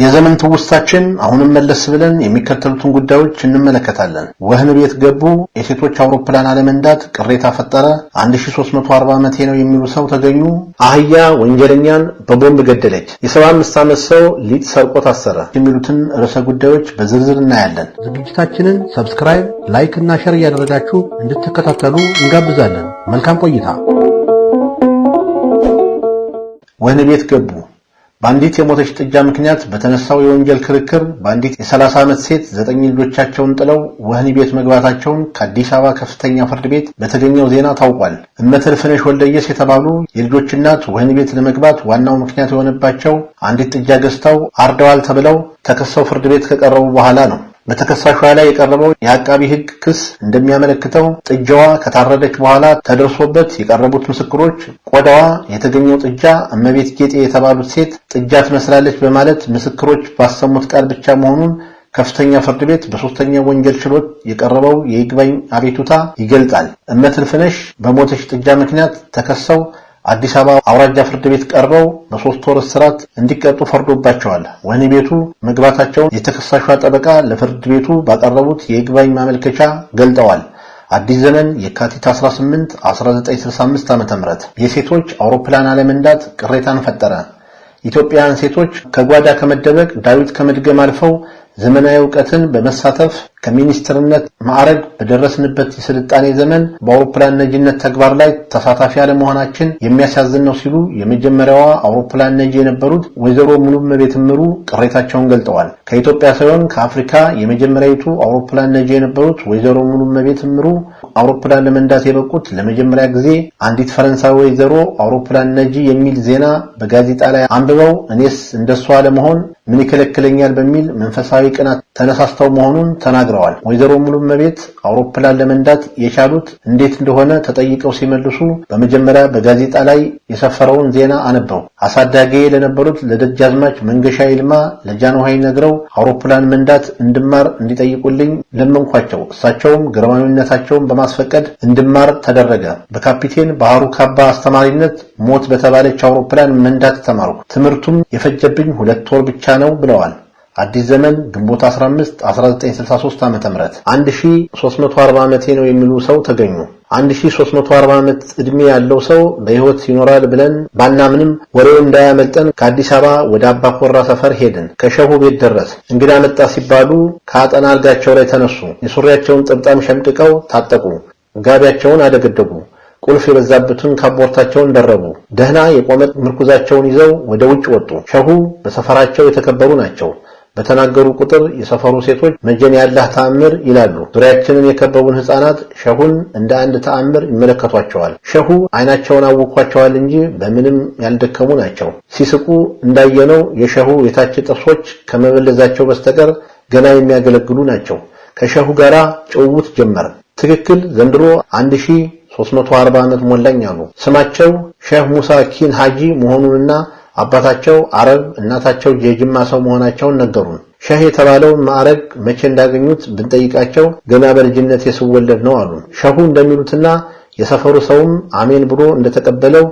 የዘመን ትውስታችን አሁንም መለስ ብለን የሚከተሉትን ጉዳዮች እንመለከታለን። ወህኒ ቤት ገቡ፣ የሴቶች አውሮፕላን አለመንዳት ቅሬታ ፈጠረ፣ 1340 ዓመቴ ነው የሚሉ ሰው ተገኙ፣ አህያ ወንጀለኛን በቦምብ ገደለች፣ የ75 ዓመት ሰው ሊጥ ሰርቆ ታሰረ የሚሉትን ርዕሰ ጉዳዮች በዝርዝር እናያለን። ዝግጅታችንን ሰብስክራይብ፣ ላይክ እና ሸር እያደረጋችሁ እንድትከታተሉ እንጋብዛለን። መልካም ቆይታ። ወህኒ ቤት ገቡ በአንዲት የሞተች ጥጃ ምክንያት በተነሳው የወንጀል ክርክር በአንዲት የ30 ዓመት ሴት ዘጠኝ ልጆቻቸውን ጥለው ወህኒ ቤት መግባታቸውን ከአዲስ አበባ ከፍተኛ ፍርድ ቤት በተገኘው ዜና ታውቋል። እመትርፍነሽ ወልደየስ የተባሉ የልጆች እናት ወህኒ ቤት ለመግባት ዋናው ምክንያት የሆነባቸው አንዲት ጥጃ ገዝተው አርደዋል ተብለው ተከሰው ፍርድ ቤት ከቀረቡ በኋላ ነው። በተከሳሿ ላይ የቀረበው የአቃቢ ሕግ ክስ እንደሚያመለክተው ጥጃዋ ከታረደች በኋላ ተደርሶበት የቀረቡት ምስክሮች ቆዳዋ የተገኘው ጥጃ እመቤት ጌጤ የተባሉት ሴት ጥጃ ትመስላለች በማለት ምስክሮች ባሰሙት ቃል ብቻ መሆኑን ከፍተኛ ፍርድ ቤት በሶስተኛ ወንጀል ችሎት የቀረበው የይግባኝ አቤቱታ ይገልጣል። እመትልፍነሽ በሞተች ጥጃ ምክንያት ተከሰው አዲስ አበባ አውራጃ ፍርድ ቤት ቀርበው በሶስት ወር እስራት እንዲቀጡ ፈርዶባቸዋል። ወህኒ ቤቱ መግባታቸውን የተከሳሿ ጠበቃ ለፍርድ ቤቱ ባቀረቡት የይግባኝ ማመልከቻ ገልጠዋል። አዲስ ዘመን የካቲት 18 1965 ዓ.ም የሴቶች አውሮፕላን አለመንዳት ቅሬታን ፈጠረ። ኢትዮጵያውያን ሴቶች ከጓዳ ከመደበቅ ዳዊት ከመድገም አልፈው ዘመናዊ እውቀትን በመሳተፍ ከሚኒስትርነት ማዕረግ በደረስንበት የስልጣኔ ዘመን በአውሮፕላን ነጂነት ተግባር ላይ ተሳታፊ አለመሆናችን የሚያሳዝን ነው ሲሉ የመጀመሪያዋ አውሮፕላን ነጂ የነበሩት ወይዘሮ መቤት እምሩ ቅሬታቸውን ገልጠዋል። ከኢትዮጵያ ሳይሆን ከአፍሪካ የመጀመሪያዊቱ አውሮፕላን ነጂ የነበሩት ወይዘሮ መቤት እምሩ አውሮፕላን ለመንዳት የበቁት ለመጀመሪያ ጊዜ አንዲት ፈረንሳዊ ወይዘሮ አውሮፕላን ነጂ የሚል ዜና በጋዜጣ ላይ አንብበው እኔስ እንደሷ ለመሆን ምን ይከለክለኛል በሚል መንፈሳዊ ቅናት ተነሳስተው መሆኑን ተናግረዋል። ወይዘሮ መቤት አውሮፕላን ለመንዳት የቻሉት እንዴት እንደሆነ ተጠይቀው ሲመልሱ በመጀመሪያ በጋዜጣ ላይ የሰፈረውን ዜና አነበው። አሳዳጊ ለነበሩት ለደጃዝማች መንገሻ ይልማ ለጃንሆይ ነግረው አውሮፕላን መንዳት እንድማር እንዲጠይቁልኝ ለመንኳቸው። እሳቸውም ግርማዊነታቸውን በማስፈቀድ እንድማር ተደረገ። በካፒቴን ባህሩ ካባ አስተማሪነት ሞት በተባለች አውሮፕላን መንዳት ተማርኩ። ትምህርቱም የፈጀብኝ ሁለት ወር ብቻ ነው ብለዋል። አዲስ ዘመን ግንቦት 15 1963 ዓ.ም 1340 ዓመቴ ነው የሚሉ ሰው ተገኙ። 1340 ዓመት ዕድሜ ያለው ሰው በሕይወት ይኖራል ብለን ባናምንም ወሬው እንዳያመልጠን ከአዲስ አበባ ወደ አባ ኮራ ሰፈር ሄድን። ከሸሁ ቤት ደረስ። እንግዳ መጣ ሲባሉ ከአጠና አልጋቸው ላይ ተነሱ። የሱሪያቸውን ጥብጣም ሸምቅቀው ታጠቁ። ጋቢያቸውን አደገደጉ። ቁልፍ የበዛበትን ካቦርታቸውን ደረቡ። ደህና የቆመ ምርኩዛቸውን ይዘው ወደ ውጭ ወጡ። ሸሁ በሰፈራቸው የተከበሩ ናቸው። በተናገሩ ቁጥር የሰፈሩ ሴቶች መጀን ያላህ ተአምር ይላሉ። ዙሪያችንን የከበቡን ሕፃናት ሸሁን እንደ አንድ ተአምር ይመለከቷቸዋል። ሸሁ አይናቸውን አውኳቸዋል እንጂ በምንም ያልደከሙ ናቸው። ሲስቁ እንዳየነው የሸሁ የታች ጥርሶች ከመበለዛቸው በስተቀር ገና የሚያገለግሉ ናቸው። ከሸሁ ጋር ጭውውት ጀመር። ትክክል ዘንድሮ አንድ ሺህ 340 ዓመት ሞላኝ አሉ። ስማቸው ሼህ ሙሳ ኪን ሐጂ መሆኑንና አባታቸው አረብ እናታቸው የጅማ ሰው መሆናቸውን ነገሩን። ሸህ የተባለውን ማዕረግ መቼ እንዳገኙት ብንጠይቃቸው ገና በልጅነት የስወለድ ነው አሉን። ሸሁ እንደሚሉትና የሰፈሩ ሰውም አሜን ብሎ እንደተቀበለው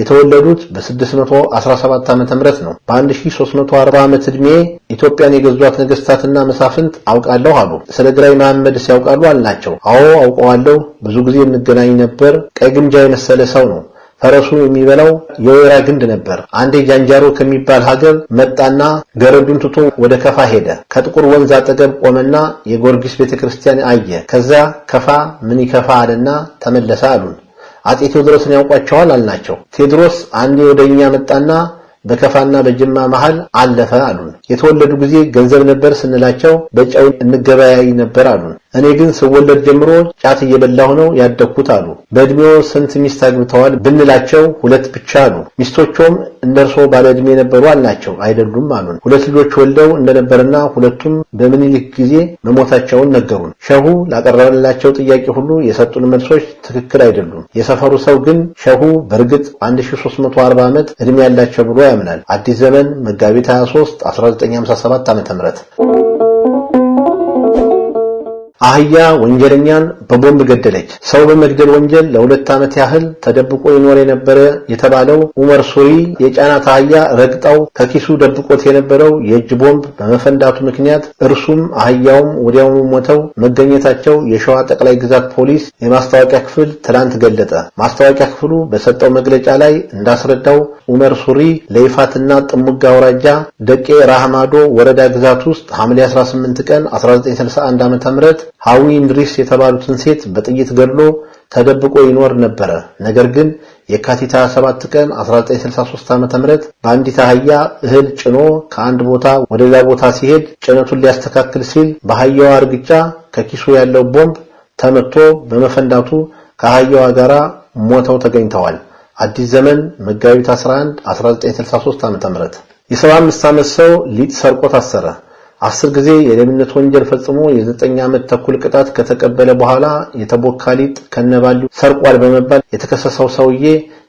የተወለዱት በ617 ዓመተ ምህረት ነው። በ1340 ዓመት ዕድሜ ኢትዮጵያን የገዟት ነገስታትና መሳፍንት አውቃለሁ አሉ። ስለ ግራኝ መሐመድ ሲያውቃሉ አልናቸው። አዎ አውቀዋለሁ፣ ብዙ ጊዜ እንገናኝ ነበር። ቀይ ግምጃ የመሰለ ሰው ነው። ፈረሱ የሚበላው የወይራ ግንድ ነበር። አንዴ ጃንጃሮ ከሚባል ሀገር መጣና ገረዱን ትቶ ወደ ከፋ ሄደ። ከጥቁር ወንዝ አጠገብ ቆመና የጊዮርጊስ ቤተክርስቲያን አየ። ከዛ ከፋ ምን ይከፋ አለና ተመለሰ አሉን። አጼ ቴዎድሮስን ያውቋቸዋል አልናቸው። ቴዎድሮስ አንዴ ወደ እኛ መጣና በከፋና በጅማ መሃል አለፈ አሉን። የተወለዱ ጊዜ ገንዘብ ነበር ስንላቸው በጨው እንገበያይ ነበር አሉን። እኔ ግን ስወለድ ጀምሮ ጫት እየበላሁ ነው ያደግኩት አሉ። በዕድሜዎ ስንት ሚስት አግብተዋል ብንላቸው ሁለት ብቻ አሉ። ሚስቶቹም እንደርሶ ባለ እድሜ የነበሩ አልናቸው። አይደሉም አሉን። ሁለት ልጆች ወልደው እንደነበርና ሁለቱም በምኒልክ ጊዜ መሞታቸውን ነገሩን። ሸሁ ላቀረበላቸው ጥያቄ ሁሉ የሰጡን መልሶች ትክክል አይደሉም። የሰፈሩ ሰው ግን ሸሁ በእርግጥ 1340 ዓመት እድሜ ያላቸው ብሎ ያምናል። አዲስ ዘመን መጋቢት 23 1957 ዓ.ም አህያ ወንጀለኛን በቦምብ ገደለች። ሰው በመግደል ወንጀል ለሁለት ዓመት ያህል ተደብቆ ይኖር የነበረ የተባለው ኡመር ሱሪ የጫናት አህያ ረግጣው ከኪሱ ደብቆት የነበረው የእጅ ቦምብ በመፈንዳቱ ምክንያት እርሱም አህያውም ወዲያውኑ ሞተው መገኘታቸው የሸዋ ጠቅላይ ግዛት ፖሊስ የማስታወቂያ ክፍል ትላንት ገለጠ። ማስታወቂያ ክፍሉ በሰጠው መግለጫ ላይ እንዳስረዳው ኡመር ሱሪ ለይፋትና ጥሙጋ አውራጃ ደቄ ራህማዶ ወረዳ ግዛት ውስጥ ሐምሌ 18 ቀን 1961 ዓ.ም ሃዊ እንድሪስ የተባሉትን ሴት በጥይት ገድሎ ተደብቆ ይኖር ነበረ። ነገር ግን የካቲት 27 ቀን 1963 ዓ.ም በአንዲት አህያ እህል ጭኖ ከአንድ ቦታ ወደ ሌላ ቦታ ሲሄድ ጭነቱን ሊያስተካክል ሲል በአህያዋ እርግጫ ከኪሱ ያለው ቦምብ ተመቶ በመፈንዳቱ ከአህያዋ ጋር ሞተው ተገኝተዋል። አዲስ ዘመን መጋቢት 11 1963 ዓ.ም የሰባ አምስት ዓመት ሰው ሊጥ ሰርቆ ታሰረ። አስር ጊዜ የሌብነት ወንጀል ፈጽሞ የዘጠኝ ዓመት ተኩል ቅጣት ከተቀበለ በኋላ የተቦካ ሊጥ ከነባሉ ሰርቋል በመባል የተከሰሰው ሰውዬ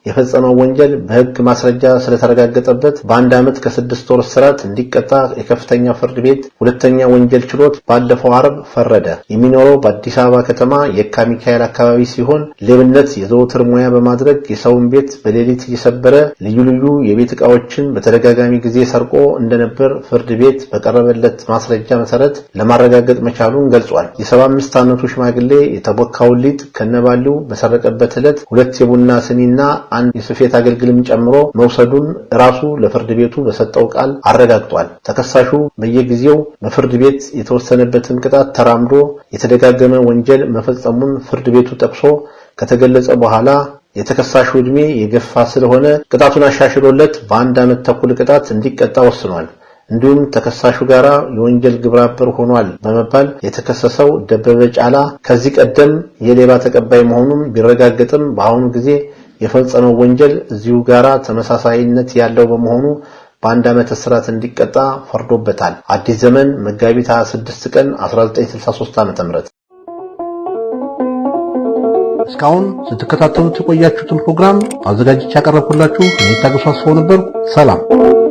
የፈጸመው ወንጀል በህግ ማስረጃ ስለተረጋገጠበት በአንድ ዓመት ከስድስት ወር እስራት እንዲቀጣ የከፍተኛ ፍርድ ቤት ሁለተኛ ወንጀል ችሎት ባለፈው አርብ ፈረደ። የሚኖረው በአዲስ አበባ ከተማ የካ ሚካኤል አካባቢ ሲሆን ሌብነት የዘወትር ሙያ በማድረግ የሰውን ቤት በሌሊት እየሰበረ ልዩ ልዩ የቤት እቃዎችን በተደጋጋሚ ጊዜ ሰርቆ እንደነበር ፍርድ ቤት በቀረበለት ማስረጃ መሰረት ለማረጋገጥ መቻሉን ገልጿል። የሰባ አምስት ዓመቱ ሽማግሌ የተቦካውን ሊጥ ከነባሊው በሰረቀበት ዕለት ሁለት የቡና ስኒና አንድ የስፌት አገልግልም ጨምሮ መውሰዱን ራሱ ለፍርድ ቤቱ በሰጠው ቃል አረጋግጧል። ተከሳሹ በየጊዜው በፍርድ ቤት የተወሰነበትን ቅጣት ተራምዶ የተደጋገመ ወንጀል መፈጸሙን ፍርድ ቤቱ ጠቅሶ ከተገለጸ በኋላ የተከሳሹ ዕድሜ የገፋ ስለሆነ ቅጣቱን አሻሽሎለት በአንድ ዓመት ተኩል ቅጣት እንዲቀጣ ወስኗል። እንዲሁም ተከሳሹ ጋር የወንጀል ግብረአበር ሆኗል በመባል የተከሰሰው ደበበ ጫላ ከዚህ ቀደም የሌባ ተቀባይ መሆኑን ቢረጋገጥም በአሁኑ ጊዜ የፈጸመው ወንጀል እዚሁ ጋራ ተመሳሳይነት ያለው በመሆኑ በአንድ ዓመት እስራት እንዲቀጣ ፈርዶበታል። አዲስ ዘመን መጋቢት 26 ቀን 1963 ዓ.ም። እስካሁን ስትከታተሉት የቆያችሁትን ፕሮግራም አዘጋጅቼ ያቀረብኩላችሁ እኔ ታገሱ አስፋው ነበርኩ። ሰላም።